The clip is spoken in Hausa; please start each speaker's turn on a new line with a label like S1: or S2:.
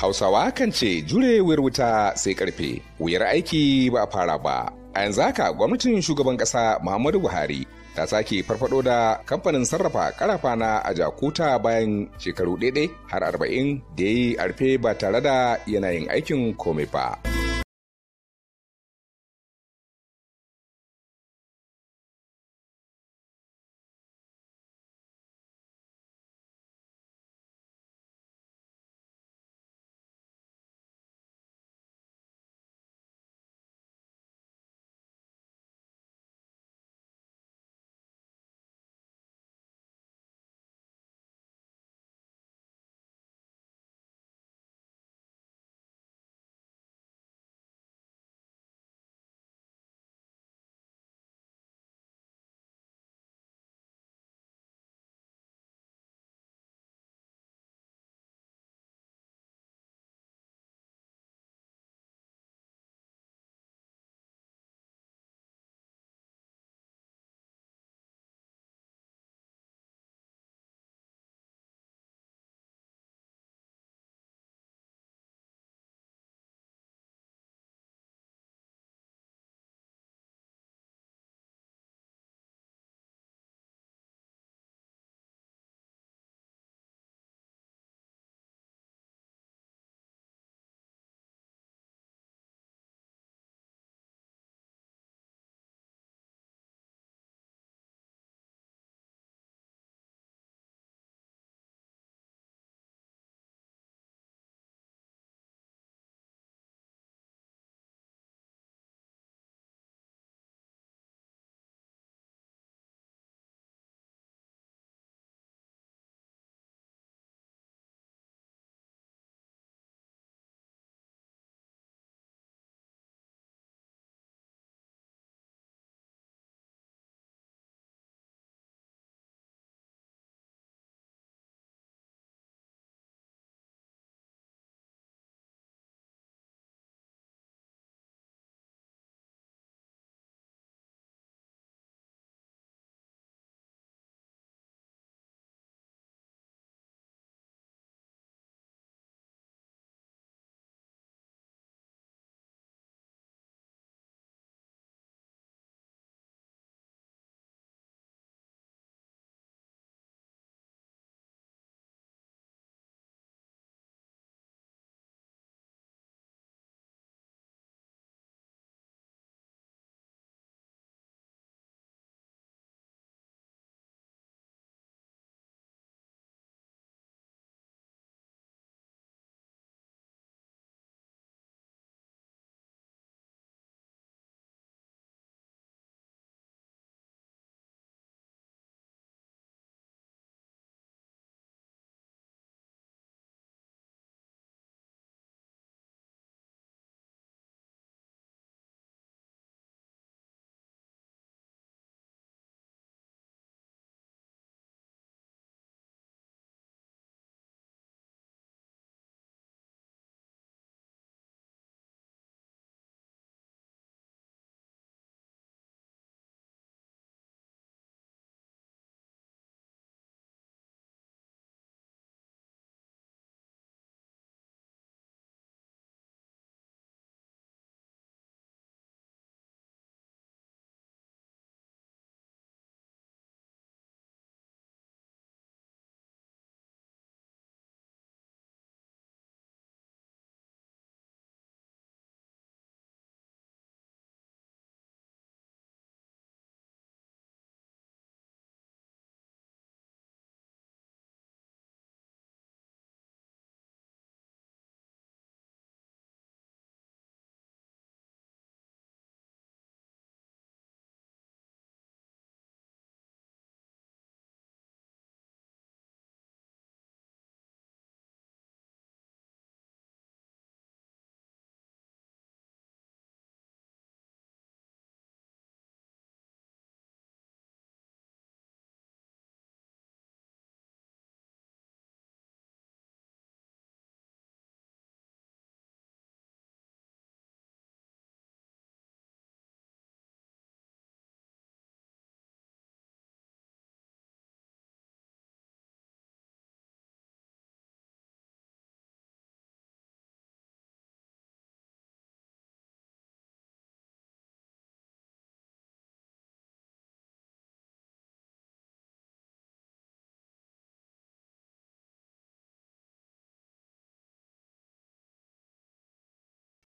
S1: Hausawa kan ce jure wuyar wuta sai karfe, wuyar aiki ba fara ba. A yanzu haka gwamnatin shugaban ƙasa Muhammadu Buhari ta sake farfado da kamfanin sarrafa karafa na a Jakuta bayan shekaru ɗaiɗai har arba'in da ya yi arfe ba tare da yanayin aikin komai ba.